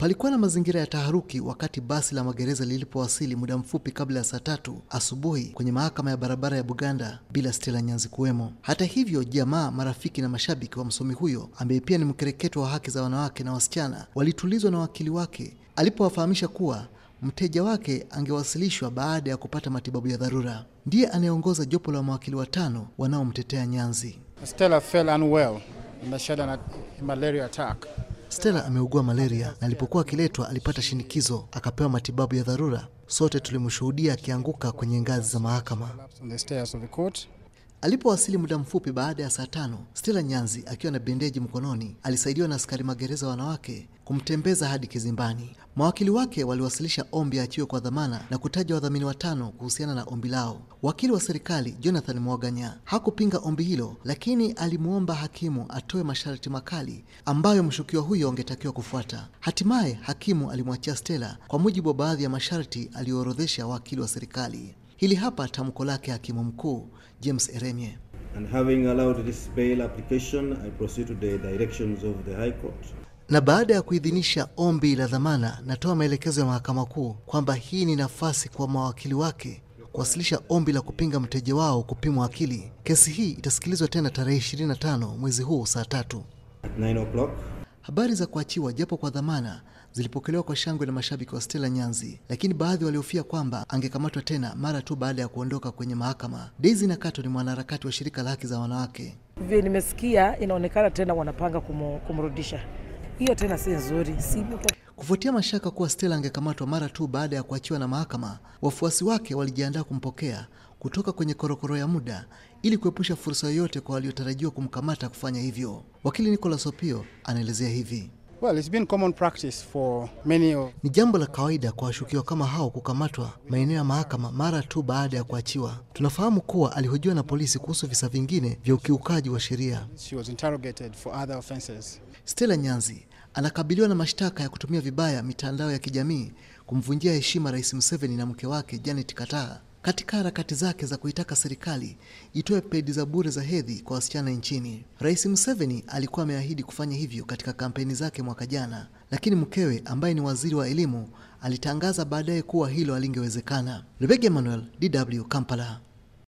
Palikuwa na mazingira ya taharuki wakati basi la magereza lilipowasili muda mfupi kabla ya saa tatu asubuhi kwenye mahakama ya barabara ya Buganda bila Stella Nyanzi kuwemo. Hata hivyo, jamaa, marafiki na mashabiki wa msomi huyo ambaye pia ni mkereketo wa haki za wanawake na wasichana walitulizwa na wakili wake alipowafahamisha kuwa mteja wake angewasilishwa baada ya kupata matibabu ya dharura. Ndiye anayeongoza jopo la mawakili watano wanaomtetea Nyanzi. Stella fell unwell in a malaria attack Stella ameugua malaria na alipokuwa akiletwa alipata shinikizo akapewa matibabu ya dharura. Sote tulimshuhudia akianguka kwenye ngazi za mahakama. Alipowasili muda mfupi baada ya saa tano, Stella Nyanzi akiwa na bendeji mkononi alisaidiwa na askari magereza wanawake kumtembeza hadi kizimbani. Mawakili wake waliwasilisha ombi achiwe kwa dhamana na kutaja wadhamini watano kuhusiana na ombi lao. Wakili wa serikali Jonathan Mwaganya hakupinga ombi hilo, lakini alimwomba hakimu atoe masharti makali ambayo mshukiwa huyo angetakiwa kufuata. Hatimaye hakimu alimwachia Stella kwa mujibu wa baadhi ya masharti aliyoorodhesha wakili wa serikali. Hili hapa tamko lake hakimu mkuu James Eremie. And having allowed this bail application, I proceed to the directions of the High Court. Na baada ya kuidhinisha ombi la dhamana, natoa maelekezo ya mahakama kuu kwamba hii ni nafasi kwa mawakili wake kuwasilisha ombi la kupinga mteja wao kupimwa akili. Kesi hii itasikilizwa tena tarehe 25 mwezi huu saa tatu. At 9 o'clock Habari za kuachiwa japo kwa dhamana zilipokelewa kwa shangwe na mashabiki wa Stella Nyanzi, lakini baadhi walihofia kwamba angekamatwa tena mara tu baada ya kuondoka kwenye mahakama. Daisy Nakato ni mwanaharakati wa shirika la haki za wanawake. Vile nimesikia, inaonekana tena wanapanga kumrudisha. Hiyo tena si nzuri, si Kufuatia mashaka kuwa Stella angekamatwa mara tu baada ya kuachiwa na mahakama, wafuasi wake walijiandaa kumpokea kutoka kwenye korokoro ya muda ili kuepusha fursa yoyote kwa waliotarajiwa kumkamata kufanya hivyo. Wakili nicolas Opio anaelezea hivi. Well, it's been common practice for many of... Ni jambo la kawaida kwa washukiwa kama hao kukamatwa maeneo ya mahakama mara tu baada ya kuachiwa. Tunafahamu kuwa alihojiwa na polisi kuhusu visa vingine vya ukiukaji wa sheria. She was interrogated for other offenses. Stella Nyanzi anakabiliwa na mashtaka ya kutumia vibaya mitandao ya kijamii kumvunjia heshima Rais Museveni na mke wake Janet Kataa katika harakati zake za kuitaka serikali itoe pedi za bure za hedhi kwa wasichana nchini. Rais Museveni alikuwa ameahidi kufanya hivyo katika kampeni zake mwaka jana, lakini mkewe ambaye ni waziri wa elimu alitangaza baadaye kuwa hilo halingewezekana. Rebecca Emmanuel, DW, Kampala.